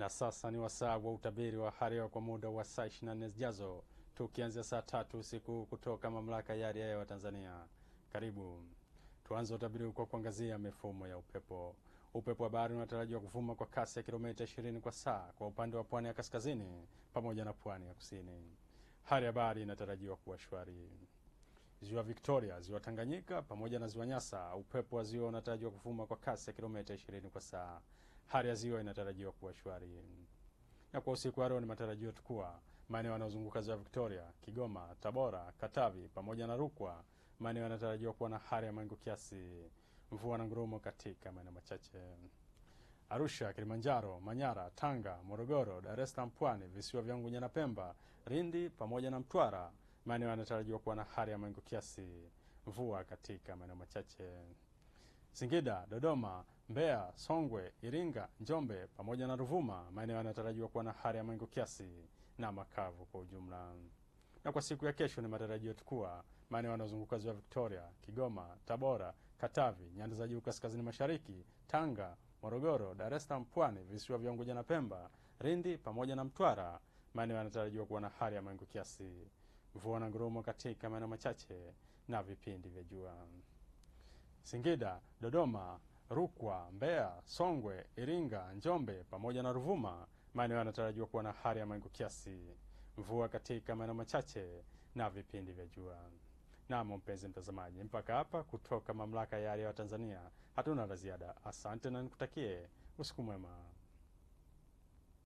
Na sasa ni wasaa wa utabiri wa hali ya hewa kwa muda wa saa 24 zijazo, tukianzia saa tatu usiku kutoka Mamlaka ya Hali ya Hewa Tanzania. Karibu tuanze utabiri kwa kuangazia mifumo ya upepo. Upepo wa bahari unatarajiwa kuvuma kwa kasi ya kilomita 20 kwa saa kwa upande wa pwani ya kaskazini pamoja na pwani ya kusini. Hali ya bahari inatarajiwa kuwa shwari. Ziwa Victoria, ziwa Tanganyika pamoja na ziwa Nyasa, upepo wa ziwa unatarajiwa kuvuma kwa kasi ya kilomita 20 kwa saa hali ya ziwa inatarajiwa kuwa shwari. Na kwa usiku wa leo ni matarajio tukuwa maeneo yanayozunguka ziwa Victoria, Kigoma, Tabora, Katavi pamoja na Rukwa, maeneo yanatarajiwa kuwa na hali ya mawingu kiasi, mvua na ngurumo katika maeneo machache. Arusha, Kilimanjaro, Manyara, Tanga, Morogoro, Dar es Salaam, Pwani, visiwa vya Unguja na Pemba, Lindi pamoja na Mtwara, maeneo yanatarajiwa kuwa na hali ya mawingu kiasi, mvua katika maeneo machache. Singida, Dodoma, Mbeya, Songwe, Iringa, Njombe pamoja na Ruvuma, maeneo yanatarajiwa kuwa na hali ya mawingu kiasi na makavu kwa ujumla. Na kwa siku ya kesho ni matarajio kuwa maeneo yanayozunguka ziwa Victoria, Kigoma, Tabora, Katavi, nyanda za juu kaskazini mashariki, Tanga, Morogoro, Dar es Salaam, Pwani, visiwa vya Unguja na Pemba, Lindi pamoja na Mtwara, maeneo yanatarajiwa kuwa na hali ya mawingu kiasi, mvua na ngurumo katika maeneo machache na vipindi vya jua. Singida, Dodoma, Rukwa, Mbeya, Songwe, Iringa, Njombe pamoja na Ruvuma, maeneo yanatarajiwa kuwa na hali ya mawingu kiasi, mvua katika maeneo machache na vipindi vya jua. Naam, mpenzi mtazamaji, mpaka hapa kutoka Mamlaka ya Hali ya Hewa Tanzania hatuna la ziada. Asante na nikutakie usiku mwema.